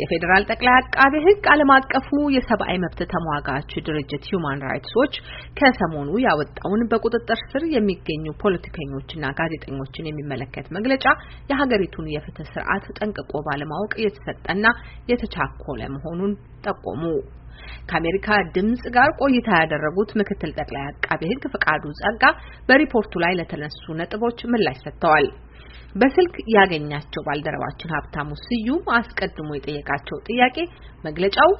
የፌዴራል ጠቅላይ አቃቤ ሕግ ዓለም አቀፉ የሰብአዊ መብት ተሟጋች ድርጅት ሁማን ራይትስ ዎች ከሰሞኑ ያወጣውን በቁጥጥር ስር የሚገኙ ፖለቲከኞችና ጋዜጠኞችን የሚመለከት መግለጫ የሀገሪቱን የፍትህ ስርዓት ጠንቅቆ ባለማወቅ የተሰጠና የተቻኮለ መሆኑን ጠቆሙ። ከአሜሪካ ድምጽ ጋር ቆይታ ያደረጉት ምክትል ጠቅላይ አቃቤ ሕግ ፍቃዱ ጸጋ በሪፖርቱ ላይ ለተነሱ ነጥቦች ምላሽ ሰጥተዋል። በስልክ ያገኛቸው ባልደረባችን ሀብታሙ ስዩም አስቀድሞ የጠየቃቸው ጥያቄ መግለጫው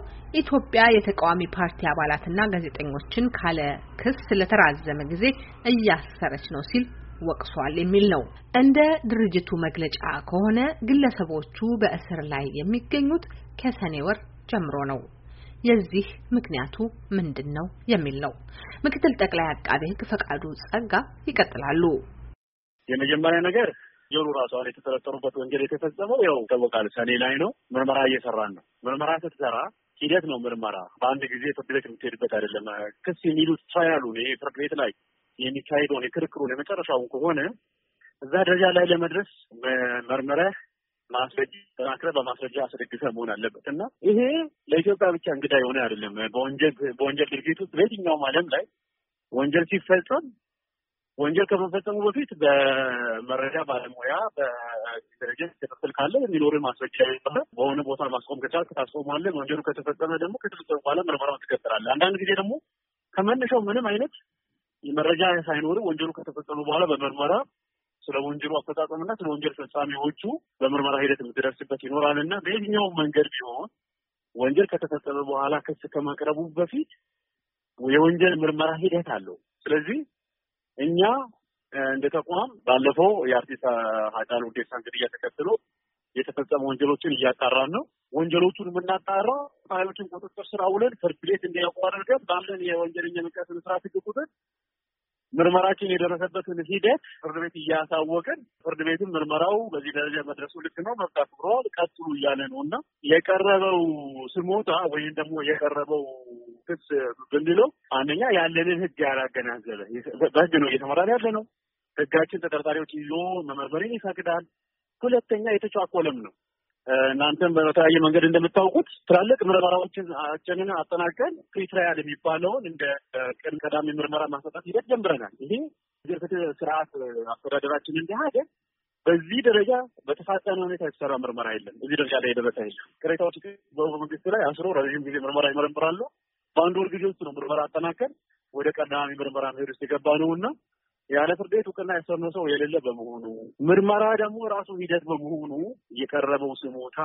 ኢትዮጵያ የተቃዋሚ ፓርቲ አባላትና ጋዜጠኞችን ካለ ክስ ለተራዘመ ጊዜ እያሰረች ነው ሲል ወቅሷል የሚል ነው። እንደ ድርጅቱ መግለጫ ከሆነ ግለሰቦቹ በእስር ላይ የሚገኙት ከሰኔ ወር ጀምሮ ነው። የዚህ ምክንያቱ ምንድን ነው የሚል ነው። ምክትል ጠቅላይ አቃቤ ሕግ ፈቃዱ ጸጋ ይቀጥላሉ። የመጀመሪያ ነገር ወንጀሉ ራሱ አሁን የተጠረጠሩበት ወንጀል የተፈጸመው ያው ይታወቃል፣ ሰኔ ላይ ነው። ምርመራ እየሰራን ነው። ምርመራ ስትሰራ ሂደት ነው። ምርመራ በአንድ ጊዜ ፍርድ ቤት የምትሄድበት አይደለም። ክስ የሚሉት ትራያሉ ፍርድ ቤት ላይ የሚካሄደውን የክርክሩን የመጨረሻውን ከሆነ እዛ ደረጃ ላይ ለመድረስ መርመረህ ማስረጃ ተናክረ በማስረጃ አስደግፈ መሆን አለበት እና ይሄ ለኢትዮጵያ ብቻ እንግዳ የሆነ አይደለም። በወንጀል ድርጊት ውስጥ በየትኛውም ዓለም ላይ ወንጀል ሲፈጸም ወንጀል ከመፈጸሙ በፊት በመረጃ ባለሙያ በኢንቴሊጀንስ ክትትል ካለ የሚኖር ማስረጃ ይባላል። በሆነ ቦታ ማስቆም ከቻልክ ታስቆማለህ። ወንጀሉ ከተፈጸመ ደግሞ ከተፈጸመ በኋላ ምርመራው ትቀጥላለህ። አንዳንድ ጊዜ ደግሞ ከመነሻው ምንም አይነት መረጃ ሳይኖር ወንጀሉ ከተፈጸመ በኋላ በምርመራ ስለ ወንጀሉ አፈጻጸምና ስለ ወንጀል ፈጻሚዎቹ በምርመራ ሂደት የምትደርስበት ይኖራል እና በየትኛው መንገድ ቢሆን ወንጀል ከተፈጸመ በኋላ ክስ ከማቅረቡ በፊት የወንጀል ምርመራ ሂደት አለው። ስለዚህ እኛ እንደ ተቋም ባለፈው የአርቲስት ሃጫሉ ሁንዴሳን እንግዲህ እየተከትሎ የተፈጸመ ወንጀሎችን እያጣራን ነው። ወንጀሎቹን የምናጣራ ፋይሎችን ቁጥጥር ስር አውለን ፍርድ ቤት እንዲያውቁ አድርገን ባለን የወንጀለኛ መቅጫ ስነ ስርዓት ህግ ቁጥር ምርመራችን የደረሰበትን ሂደት ፍርድ ቤት እያሳወቅን ፍርድ ቤትም ምርመራው በዚህ ደረጃ መድረሱ ልክ ነው መብት አክብረዋል ቀጥሉ እያለ ነው እና የቀረበው ስሞታ ወይም ደግሞ የቀረበው ክስ ብንለው አንደኛ ያለንን ህግ ያላገናዘበ በህግ ነው እየተመራን ያለ ነው። ህጋችን ተጠርጣሪዎች ይዞ መመርመርን ይፈቅዳል። ሁለተኛ የተጫቆለም ነው። እናንተም በተለያየ መንገድ እንደምታውቁት ትላልቅ ምርመራዎችንን አጠናቀን ፕሪትራያል የሚባለውን እንደ ቅድመ ቀዳሚ ምርመራ ማሰጣት ሂደት ጀምረናል። ይሄ ፍትህ ስርዓት አስተዳደራችን እንደ በዚህ ደረጃ በተፋጠነ ሁኔታ የተሰራ ምርመራ የለም። እዚህ ደረጃ ላይ የደረሰ የለም። ቅሬታዎች በመንግስት ላይ አስሮ ረዥም ጊዜ ምርመራ ይመረምራሉ። በአንድ ወር ጊዜ ውስጥ ነው ምርመራ አጠናከር ወደ ቀዳሚ ምርመራ መሄድ ውስጥ የገባ ነው እና ያለ ፍርድ ቤት እውቅና የሰኖ ሰው የሌለ በመሆኑ ምርመራ ደግሞ ራሱ ሂደት በመሆኑ የቀረበው ስሞታ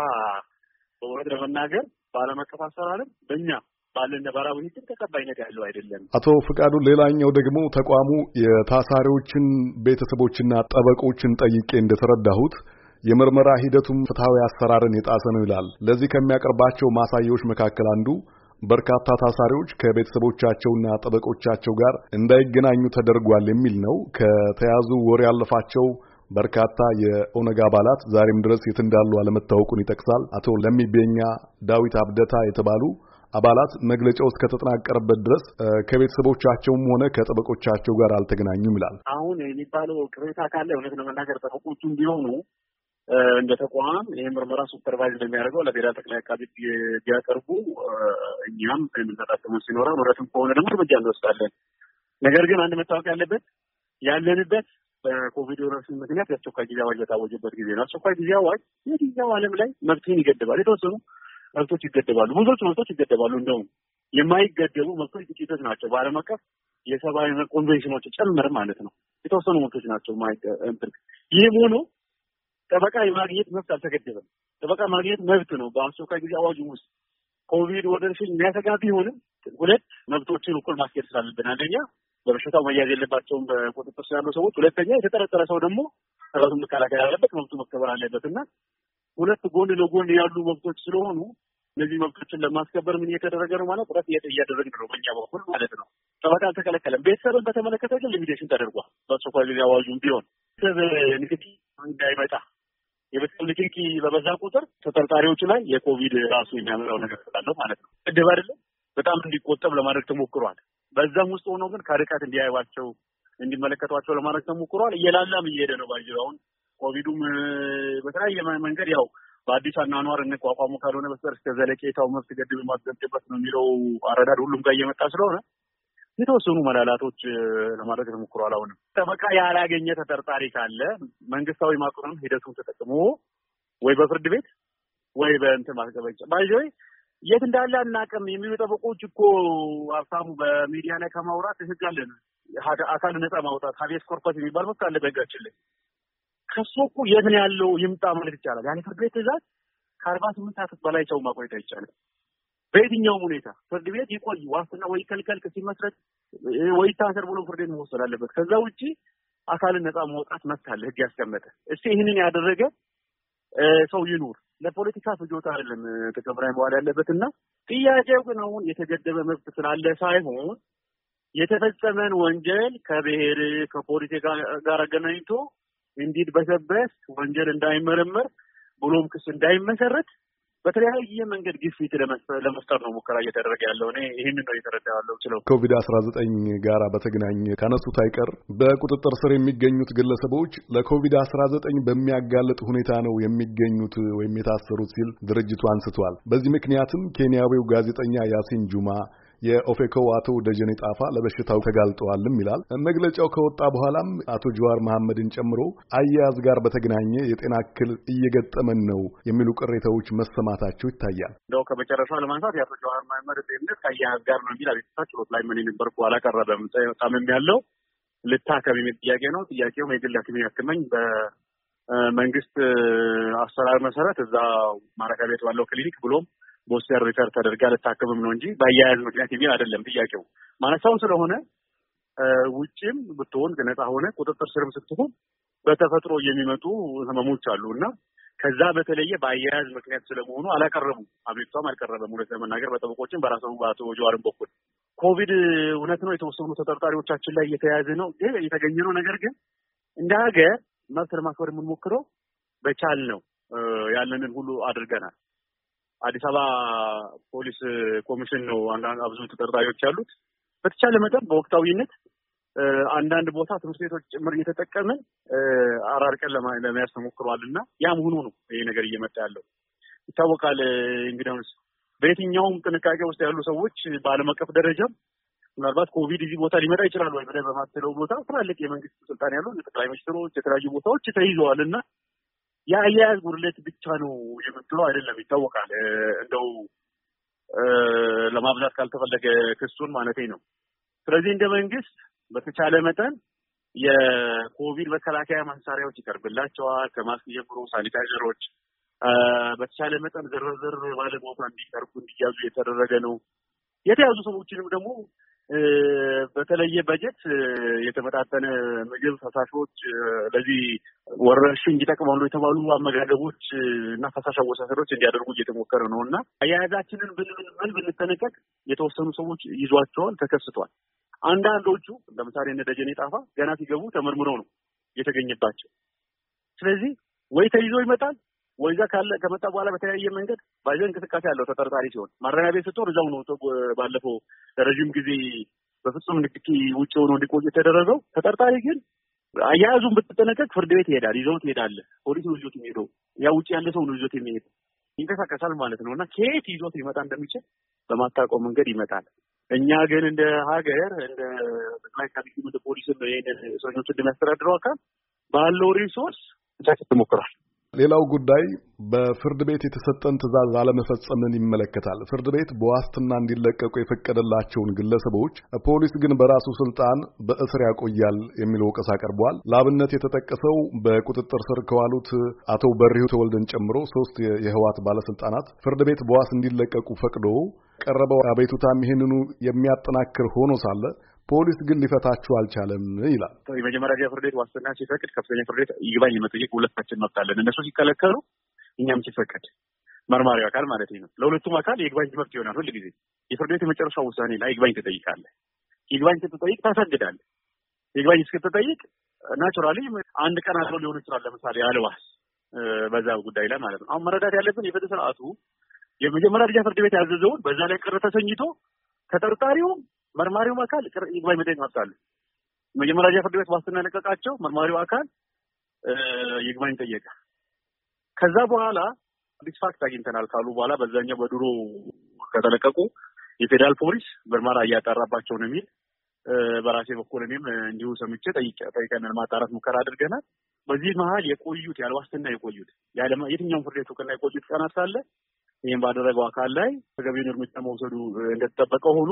በእውነት ለመናገር በዓለም አቀፍ አሰራርም በእኛ ባለን ነባራዊ ሕግ ተቀባይነት ያለው አይደለም። አቶ ፍቃዱ፣ ሌላኛው ደግሞ ተቋሙ የታሳሪዎችን ቤተሰቦችና ጠበቆችን ጠይቄ እንደተረዳሁት የምርመራ ሂደቱም ፍትሐዊ አሰራርን የጣሰ ነው ይላል። ለዚህ ከሚያቀርባቸው ማሳያዎች መካከል አንዱ በርካታ ታሳሪዎች ከቤተሰቦቻቸውና ጠበቆቻቸው ጋር እንዳይገናኙ ተደርጓል የሚል ነው። ከተያዙ ወር ያለፋቸው በርካታ የኦነግ አባላት ዛሬም ድረስ የት እንዳሉ አለመታወቁን ይጠቅሳል። አቶ ለሚቤኛ ዳዊት አብደታ የተባሉ አባላት መግለጫው እስከተጠናቀረበት ድረስ ከቤተሰቦቻቸውም ሆነ ከጠበቆቻቸው ጋር አልተገናኙም ይላል። አሁን የሚባለው ቅሬታ ካለ እውነት ለመናገር ጠበቆቹም ቢሆኑ እንደ ተቋም ይህ ምርመራ ሱፐርቫይዝ እንደሚያደርገው ለብሔራዊ ጠቅላይ አቃቢ ቢያቀርቡ እኛም የምንሰጣቸው ሲኖራ ምረትም ከሆነ ደግሞ እርምጃ እንወስዳለን። ነገር ግን አንድ መታወቅ ያለበት ያለንበት በኮቪድ ወረርሽኝ ምክንያት የአስቸኳይ ጊዜ አዋጅ በታወጀበት ጊዜ ነው። አስቸኳይ ጊዜ አዋጅ የጊዜው ዓለም ላይ መብትን ይገድባል። የተወሰኑ መብቶች ይገደባሉ፣ ብዙዎች መብቶች ይገደባሉ። እንደውም የማይገደቡ መብቶች ጥቂቶች ናቸው። በዓለም አቀፍ የሰብአዊ ኮንቬንሽኖች ጨምር ማለት ነው የተወሰኑ መብቶች ናቸው። ይህም ሆኖ ጠበቃ የማግኘት መብት አልተገደበም። ጠበቃ ማግኘት መብት ነው በአስቸኳይ ጊዜ አዋጁ ውስጥ ኮቪድ ወረርሽኝ የሚያሰጋ ቢሆንም ሁለት መብቶችን እኩል ማስኬድ ስላለብን፣ አንደኛ በበሽታው መያዝ የለባቸውም በቁጥጥር ስር ያሉ ሰዎች፣ ሁለተኛ የተጠረጠረ ሰው ደግሞ ራሱን መከላከል አለበት፣ መብቱ መከበር አለበት እና ሁለት ጎን ለጎን ያሉ መብቶች ስለሆኑ እነዚህ መብቶችን ለማስከበር ምን እየተደረገ ነው ማለት ጥረት እያደረግን ነው በእኛ በኩል ማለት ነው። ጠበቃ አልተከለከለም። ቤተሰብን በተመለከተ ግን ሊሚቴሽን ተደርጓል በአስቸኳይ ጊዜ አዋጁም ቢሆን ቤተሰብ ንግድ እንዳይመጣ የቤተሰብ ንክኪ በበዛ ቁጥር ተጠርጣሪዎች ላይ የኮቪድ ራሱ የሚያመጣው ነገር ስላለው ማለት ነው። እድብ አይደለም በጣም እንዲቆጠብ ለማድረግ ተሞክሯል። በዛም ውስጥ ሆኖ ግን ከርቀት እንዲያይባቸው እንዲመለከቷቸው ለማድረግ ተሞክሯል። እየላላም እየሄደ ነው። ባይዘ አሁን ኮቪዱም በተለያየ መንገድ ያው በአዲስ አኗኗር እንቋቋሙ ካልሆነ በስተቀር እስከ ዘለቄታው መብት ገድብ ማስገድበት ነው የሚለው አረዳድ ሁሉም ጋር እየመጣ ስለሆነ የተወሰኑ መላላቶች ለማድረግ ተሞክሯል። አሁንም ጠበቃ ያላገኘ ተጠርጣሪ ካለ መንግስታዊ ማቆም ሂደቱን ተጠቅሞ ወይ በፍርድ ቤት ወይ በእንትን ማስገበጫ ባይዞይ የት እንዳለ አናውቅም የሚሉ ጠበቆች እኮ ሀብታሙ በሚዲያ ላይ ከማውራት ህግ አለን አካል ነጻ ማውጣት ሀቤስ ኮርፐስ የሚባል መብት አለ በህጋችን ላይ። ከሱ እኮ የት ነው ያለው ይምጣ ማለት ይቻላል። ያኔ ፍርድ ቤት ትእዛዝ ከአርባ ስምንት ሰዓት በላይ ሰው ማቆየት አይቻልም። በየትኛውም ሁኔታ ፍርድ ቤት ይቆይ፣ ዋስትና ወይ ከልከል ክስ ወይ ታሰር ብሎ ፍርድ ቤት መወሰድ አለበት። ከዛ ውጭ አካልን ነፃ መውጣት መታለ ህግ ያስቀመጠ እስቲ ይህንን ያደረገ ሰው ይኑር። ለፖለቲካ ፍጆታ አይደለም ጥቅም ላይ መዋል ያለበት እና ጥያቄው ግን አሁን የተገደበ መብት ስላለ ሳይሆን የተፈጸመን ወንጀል ከብሔር ከፖለቲካ ጋር አገናኝቶ እንዲድ በሰበስ ወንጀል እንዳይመረመር ብሎም ክስ እንዳይመሰረት በተለያየ መንገድ ግፊት ለመፍጠር ነው ሙከራ እየተደረገ ያለው። እኔ ይህን ነው እየተረዳ ያለው ችለው ኮቪድ አስራ ዘጠኝ ጋር በተገናኘ ከነሱት አይቀር በቁጥጥር ስር የሚገኙት ግለሰቦች ለኮቪድ አስራ ዘጠኝ በሚያጋልጥ ሁኔታ ነው የሚገኙት ወይም የታሰሩት ሲል ድርጅቱ አንስቷል። በዚህ ምክንያትም ኬንያዊው ጋዜጠኛ ያሲን ጁማ የኦፌኮ አቶ ደጀኔ ጣፋ ለበሽታው ተጋልጠዋልም ይላል። መግለጫው ከወጣ በኋላም አቶ ጀዋር መሐመድን ጨምሮ አያያዝ ጋር በተገናኘ የጤና እክል እየገጠመን ነው የሚሉ ቅሬታዎች መሰማታቸው ይታያል። እንደው ከመጨረሻ ለማንሳት የአቶ ጀዋር መሐመድ ጤንነት ከአያያዝ ጋር ነው የሚል አቤቱታ ችሎት ላይ ምን የነበርኩ አላቀረበም። ጣምም ያለው ልታከም የሚል ጥያቄ ነው። ጥያቄውም የግል ሐኪም ያክመኝ በመንግስት አሰራር መሰረት እዛ ማረፊያ ቤት ባለው ክሊኒክ ብሎም በሆስፒታል ሪፈር ተደርጋ ልታከምም ነው እንጂ በአያያዝ ምክንያት የሚል አይደለም ጥያቄው። ማነሳውን ስለሆነ ውጭም ብትሆን ነፃ ሆነ ቁጥጥር ስርም ስትሆን በተፈጥሮ የሚመጡ ህመሞች አሉ እና ከዛ በተለየ በአያያዝ ምክንያት ስለመሆኑ አላቀረቡም። አቤቷም አልቀረበም። እውነት ለመናገር በጠበቆችም በራሱ በአቶ ጀዋርም በኩል ኮቪድ እውነት ነው የተወሰኑ ተጠርጣሪዎቻችን ላይ እየተያያዘ ነው እየተገኘ ነው። ነገር ግን እንደ ሀገር መብት ለማክበር የምንሞክረው በቻል ነው ያለንን ሁሉ አድርገናል። አዲስ አበባ ፖሊስ ኮሚሽን ነው አንዳንድ አብዙ ተጠርጣሪዎች ያሉት። በተቻለ መጠን በወቅታዊነት አንዳንድ ቦታ ትምህርት ቤቶች ጭምር እየተጠቀምን አራርቀን ለመያዝ ተሞክሯል እና ያ መሆኑ ነው ይሄ ነገር እየመጣ ያለው ይታወቃል። እንግዲያውስ በየትኛውም ጥንቃቄ ውስጥ ያሉ ሰዎች በዓለም አቀፍ ደረጃም ምናልባት ኮቪድ እዚህ ቦታ ሊመጣ ይችላል ወይ ብለህ በማትለው ቦታ ትላልቅ የመንግስት ስልጣን ያሉ ጠቅላይ ሚኒስትሮች የተለያዩ ቦታዎች ተይዘዋል እና የአያያዝ ጉድለት ብቻ ነው የምትለው አይደለም። ይታወቃል። እንደው ለማብዛት ካልተፈለገ ክሱን ማለት ነው። ስለዚህ እንደ መንግስት በተቻለ መጠን የኮቪድ መከላከያ መሳሪያዎች ይቀርብላቸዋል። ከማስክ ጀምሮ ሳኒታይዘሮች በተቻለ መጠን ዝርዝር ባለቦታ እንዲቀርቡ እንዲያዙ የተደረገ ነው። የተያዙ ሰዎችንም ደግሞ በተለየ በጀት የተመጣጠነ ምግብ፣ ፈሳሾች ለዚህ ወረርሽኝ እንዲጠቅመሉ የተባሉ አመጋገቦች እና ፈሳሽ አወሳሰዶች እንዲያደርጉ እየተሞከረ ነው እና አያያዛችንን ብንብል ብንጠነቀቅ የተወሰኑ ሰዎች ይዟቸዋል፣ ተከስቷል። አንዳንዶቹ ለምሳሌ እነ ደጀኔ ጣፋ ገና ሲገቡ ተመርምረው ነው የተገኘባቸው። ስለዚህ ወይ ተይዞ ይመጣል ወይ እዛ ካለ ከመጣ በኋላ በተለያየ መንገድ ባይዘ እንቅስቃሴ አለው ተጠርጣሪ ሲሆን ማረሚያ ቤት ስትሆን እዛው ነው። ባለፈው ለረዥም ጊዜ በፍጹም ንግድ ውጭ ሆኖ እንዲቆይ የተደረገው ተጠርጣሪ ግን አያያዙን ብትጠነቀቅ ፍርድ ቤት ይሄዳል፣ ይዞት ይሄዳል። ፖሊስ ነው ይዞት የሚሄደው፣ ያ ውጭ ያለ ሰው ነው ይዞት የሚሄድ ይንቀሳቀሳል ማለት ነው። እና ከየት ይዞት ሊመጣ እንደሚችል በማታውቀው መንገድ ይመጣል። እኛ ግን እንደ ሀገር እንደ ጠቅላይ ካቢኔ እንደ ፖሊስም ይህንን እስረኞችን እንደሚያስተዳድረው አካል ባለው ሪሶርስ ብቻ ትሞክራል። ሌላው ጉዳይ በፍርድ ቤት የተሰጠን ትዕዛዝ አለመፈጸምን ይመለከታል። ፍርድ ቤት በዋስትና እንዲለቀቁ የፈቀደላቸውን ግለሰቦች ፖሊስ ግን በራሱ ስልጣን በእስር ያቆያል የሚል ወቀሳ ቀርቧል። ለአብነት የተጠቀሰው በቁጥጥር ስር ከዋሉት አቶ በሪሁ ተወልደን ጨምሮ ሶስት የህዋት ባለስልጣናት ፍርድ ቤት በዋስ እንዲለቀቁ ፈቅዶ ቀረበው አቤቱታም ይህንኑ የሚያጠናክር ሆኖ ሳለ ፖሊስ ግን ሊፈታችሁ አልቻለም ይላል። የመጀመሪያ ፍርድ ቤት ዋስትና ሲፈቅድ፣ ከፍተኛ ፍርድ ቤት ይግባኝ የመጠየቅ ሁለታችን መብታለን። እነሱ ሲከለከሉ እኛም ሲፈቀድ መርማሪው አካል ማለት ነው። ለሁለቱም አካል የይግባኝ መብት ይሆናል። ሁል ጊዜ የፍርድ ቤት የመጨረሻ ውሳኔ ላይ ይግባኝ ትጠይቃለህ። ይግባኝ ስትጠይቅ ታሳግዳለህ። ይግባኝ እስክትጠይቅ ናቹራሊ አንድ ቀን አድሮ ሊሆን ይችላል። ለምሳሌ አልባስ በዛ ጉዳይ ላይ ማለት ነው። አሁን መረዳት ያለብን የፍትህ ስርዓቱ የመጀመሪያ ደረጃ ፍርድ ቤት ያዘዘውን በዛ ላይ ቅር ተሰኝቶ ተጠርጣሪው መርማሪውም አካል ይግባኝ መጠየቅ መብት አለው። መጀመሪያ ፍርድ ቤት ዋስትና የለቀቃቸው መርማሪው አካል ይግባኝ ጠየቀ። ከዛ በኋላ አዲስ ፋክት አግኝተናል ካሉ በኋላ በዛኛው በድሮ ከተለቀቁ የፌዴራል ፖሊስ ምርመራ እያጠራባቸው ነው የሚል በራሴ በኩል እኔም እንዲሁ ሰምቼ ጠይቀናል። ማጣራት ሙከራ አድርገናል። በዚህ መሀል የቆዩት ያለ ያልዋስትና የቆዩት የትኛውም ፍርድ ቤት እውቅና የቆዩት ቀናት ሳለ ይህም ባደረገው አካል ላይ ተገቢውን እርምጃ መውሰዱ እንደተጠበቀ ሆኖ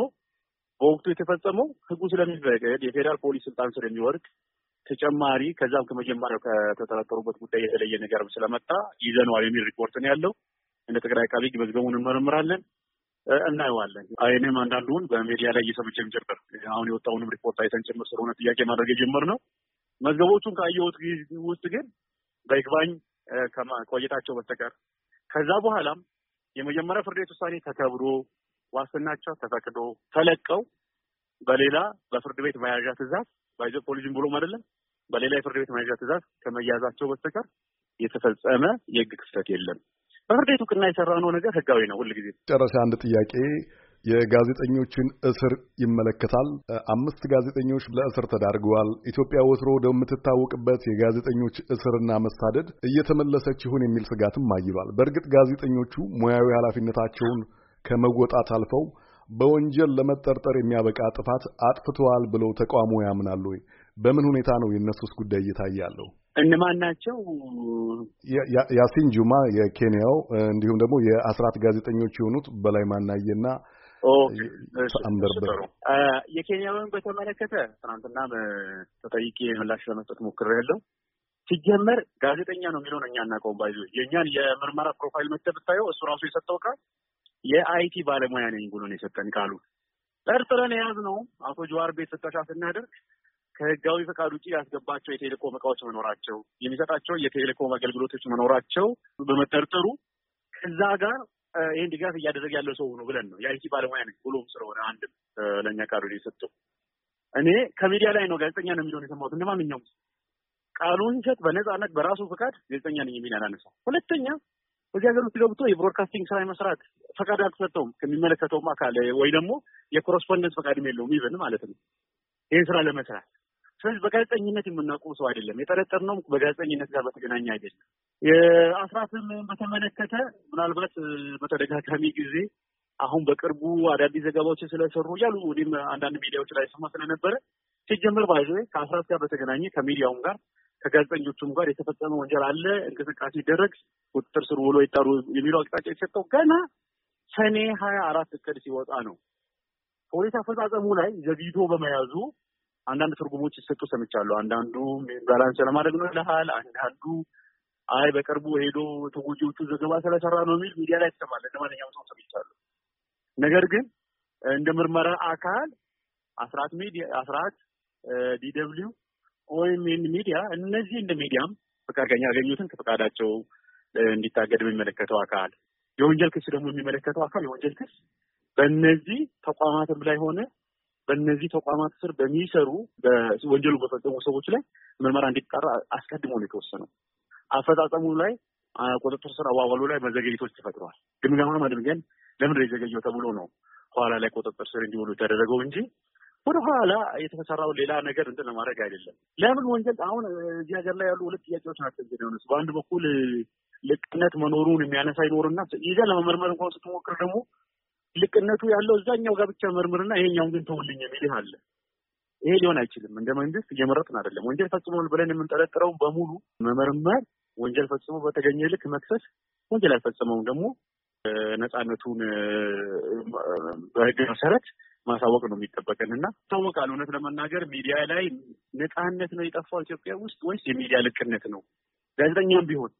በወቅቱ የተፈጸመው ህጉ ስለሚፈቅድ የፌዴራል ፖሊስ ስልጣን ስለሚወርቅ ተጨማሪ ከዛም ከመጀመሪያው ከተጠረጠሩበት ጉዳይ የተለየ ነገር ስለመጣ ይዘነዋል የሚል ሪፖርት ነው ያለው። እንደ ጠቅላይ አቃቢ ህግ መዝገቡን እንመረምራለን፣ እናየዋለን። እኔም አንዳንዱን በሚዲያ ላይ እየሰምቼም ጭምር አሁን የወጣውንም ሪፖርት አይተን ጭምር ስለሆነ ጥያቄ ማድረግ ነው። መዝገቦቹን ካየሁት ውስጥ ግን በይግባኝ ቆይታቸው በስተቀር ከዛ በኋላም የመጀመሪያ ፍርድ ቤት ውሳኔ ተከብሮ ዋስትናቸው ተፈቅዶ ተለቀው በሌላ በፍርድ ቤት መያዣ ትዕዛዝ ባይዘ ፖሊጅን ብሎም አይደለም በሌላ የፍርድ ቤት መያዣ ትዕዛዝ ከመያዛቸው በስተቀር የተፈጸመ የህግ ክፍተት የለም። በፍርድ ቤት እውቅና የሰራ ነው ነገር ህጋዊ ነው። ሁልጊዜ ጨረሻ አንድ ጥያቄ የጋዜጠኞችን እስር ይመለከታል። አምስት ጋዜጠኞች ለእስር ተዳርገዋል። ኢትዮጵያ ወትሮ ወደምትታወቅበት የጋዜጠኞች እስርና መሳደድ እየተመለሰች ይሆን የሚል ስጋትም አይሏል። በእርግጥ ጋዜጠኞቹ ሙያዊ ኃላፊነታቸውን ከመወጣት አልፈው በወንጀል ለመጠርጠር የሚያበቃ ጥፋት አጥፍተዋል ብለው ተቃውሞ ያምናሉ ወይ? በምን ሁኔታ ነው የእነሱስ ጉዳይ እየታየ ያለው? እነማን ናቸው? ያሲን ጁማ የኬንያው እንዲሁም ደግሞ የአስራት ጋዜጠኞች የሆኑት በላይ ማናየና የኬንያውን በተመለከተ ትናንትና ተጠይቄ ምላሽ ለመስጠት ያለው ሲጀመር ጋዜጠኛ ነው የሚለውን እኛ እናውቀውም። ባይዞ የእኛን የምርመራ ፕሮፋይል መጥተህ ብታየው እሱ ራሱ የሰጠው ቃል የአይቲ ባለሙያ ነኝ ብሎ ነው የሰጠን ቃሉ። ጠርጥረን የያዝ ነው። አቶ ጀዋር ቤት ፍተሻ ስናደርግ ከህጋዊ ፈቃድ ውጭ ያስገባቸው የቴሌኮም እቃዎች መኖራቸው፣ የሚሰጣቸው የቴሌኮም አገልግሎቶች መኖራቸው በመጠርጠሩ ከዛ ጋር ይህን ድጋፍ እያደረገ ያለው ሰው ነው ብለን ነው የአይቲ ባለሙያ ነኝ ብሎም ስለሆነ አንድም ለእኛ ቃሉን የሰጠው እኔ ከሚዲያ ላይ ነው ጋዜጠኛ ነው የሚለውን የሰማሁት። እንደ ቃሉን ሲሰጥ በነጻነት በራሱ ፍቃድ ጋዜጠኛ ነኝ የሚል አላነሳ። ሁለተኛ በዚህ ሀገር ውስጥ ገብቶ የብሮድካስቲንግ ስራ የመስራት ፈቃድ አልተሰጠውም ከሚመለከተውም አካል ወይ ደግሞ የኮረስፖንደንስ ፈቃድም የለውም ይብን ማለት ነው ይህን ስራ ለመስራት። ስለዚህ በጋዜጠኝነት የምናውቀው ሰው አይደለም። የጠረጠርነውም በጋዜጠኝነት ጋር በተገናኘ አይደለም። የአስራትም በተመለከተ ምናልባት በተደጋጋሚ ጊዜ አሁን በቅርቡ አዳዲስ ዘገባዎችን ስለሰሩ እያሉ ወዲም አንዳንድ ሚዲያዎች ላይ ስማ ስለነበረ ሲጀምር ባይዘ ከአስራት ጋር በተገናኘ ከሚዲያውም ጋር ከጋዜጠኞቹም ጋር የተፈጸመ ወንጀል አለ፣ እንቅስቃሴ ይደረግ፣ ቁጥጥር ስር ውሎ ይጠሩ የሚለው አቅጣጫ የተሰጠው ገና ሰኔ ሀያ አራት እቅድ ሲወጣ ነው። ፖሊስ አፈጻጸሙ ላይ ዘግይቶ በመያዙ አንዳንድ ትርጉሞች ሲሰጡ ሰምቻለሁ። አንዳንዱ ባላንስ ለማድረግ ነው ይልሃል። አንዳንዱ አይ በቅርቡ ሄዶ ተጎጂዎቹ ዘገባ ስለሰራ ነው የሚል ሚዲያ ላይ ይሰማል። ለማንኛውም ሰው ሰምቻለሁ። ነገር ግን እንደ ምርመራ አካል አስራት ሚዲያ አስራት ዲደብሊው ኦኤምኤን ሚዲያ እነዚህ እንደ ሚዲያም ፈቃድ ያገኙትን ከፈቃዳቸው እንዲታገድ የሚመለከተው አካል የወንጀል ክስ ደግሞ የሚመለከተው አካል የወንጀል ክስ በእነዚህ ተቋማትም ላይ ሆነ በእነዚህ ተቋማት ስር በሚሰሩ ወንጀሉ በፈጸሙ ሰዎች ላይ ምርመራ እንዲጣራ አስቀድሞ ነው የተወሰነው። አፈጻጸሙ ላይ ቁጥጥር ስር አዋዋሉ ላይ መዘገየቶች ተፈጥረዋል። ግምገማ አድርገን ለምን ዘገየው ተብሎ ነው ኋላ ላይ ቁጥጥር ስር እንዲውሉ የተደረገው እንጂ ወደ ኋላ የተሰራው ሌላ ነገር እንትን ለማድረግ አይደለም። ለምን ወንጀል አሁን እዚህ ሀገር ላይ ያሉ ሁለት ጥያቄዎች ናቸው። እንግዲህ በአንድ በኩል ልቅነት መኖሩን የሚያነሳ ይኖርና ይዘህ ለመመርመር እንኳን ስትሞክር ደግሞ ልቅነቱ ያለው እዛኛው ጋር ብቻ መርምርና ይሄኛውን ግን ተውልኝ የሚልህ አለ። ይሄ ሊሆን አይችልም። እንደ መንግስት እየመረጥን አይደለም። ወንጀል ፈጽሟል ብለን የምንጠረጥረውን በሙሉ መመርመር፣ ወንጀል ፈጽሞ በተገኘ ልክ መክሰስ፣ ወንጀል ያልፈጸመውን ደግሞ ነፃነቱን በህግ መሰረት ማሳወቅ ነው የሚጠበቀን እና ይታወቃል። እውነት ለመናገር ሚዲያ ላይ ነጻነት ነው የጠፋው ኢትዮጵያ ውስጥ ወይስ የሚዲያ ልቅነት ነው? ጋዜጠኛም ቢሆን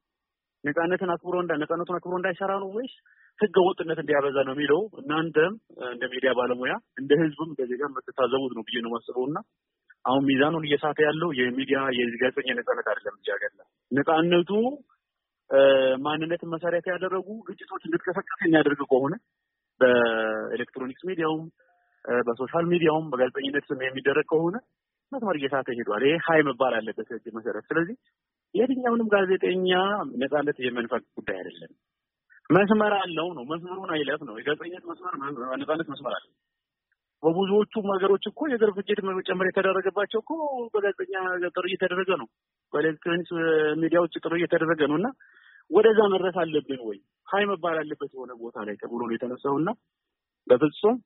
ነጻነትን አክብሮ እንዳ ነጻነቱን አክብሮ እንዳይሰራ ነው ወይስ ህገ ወጥነት እንዲያበዛ ነው የሚለው እናንተም እንደ ሚዲያ ባለሙያ እንደ ህዝብም እንደ ዜጋ የምትታዘቡት ነው ብዬ ነው ማስበው እና አሁን ሚዛኑን እየሳተ ያለው የሚዲያ የጋዜጠኛ ነጻነት አይደለም እዚህ ሀገር ነጻነቱ ማንነትን መሰረት ያደረጉ ግጭቶች እንድትቀሰቀስ የሚያደርግ ከሆነ በኤሌክትሮኒክስ ሚዲያውም በሶሻል ሚዲያውም በጋዜጠኝነት ስም የሚደረግ ከሆነ መስመር እየሳተ ሄዷል። ይሄ ሀይ መባል አለበት ህግ መሰረት። ስለዚህ የትኛውንም ጋዜጠኛ ነጻነት የመንፈቅ ጉዳይ አይደለም። መስመር አለው ነው መስመሩን አይለፍ ነው። የጋዜጠኝነት መስመር ነጻነት መስመር አለ። በብዙዎቹ ሀገሮች እኮ የዘር ፍጅት መጨመር የተደረገባቸው እኮ በጋዜጠኛ ጥሩ እየተደረገ ነው። በኤሌክትሮኒክስ ሚዲያዎች ጥሩ እየተደረገ ነው እና ወደዛ መድረስ አለብን ወይ ሀይ መባል አለበት የሆነ ቦታ ላይ ተብሎ ነው የተነሳው እና በፍጹም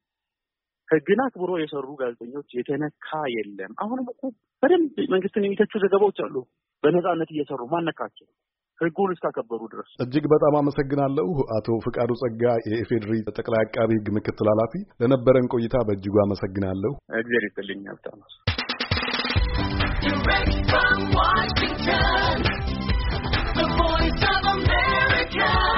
ህግን አክብሮ የሰሩ ጋዜጠኞች የተነካ የለም። አሁንም እኮ በደንብ መንግስትን የሚተቹ ዘገባዎች አሉ። በነጻነት እየሰሩ ማነካቸው ህጉን እስካከበሩ ድረስ። እጅግ በጣም አመሰግናለሁ አቶ ፍቃዱ ጸጋ፣ የኢፌድሪ ጠቅላይ አቃቢ ህግ ምክትል ኃላፊ፣ ለነበረን ቆይታ በእጅጉ አመሰግናለሁ። እግዜር ይስጥልኝ America.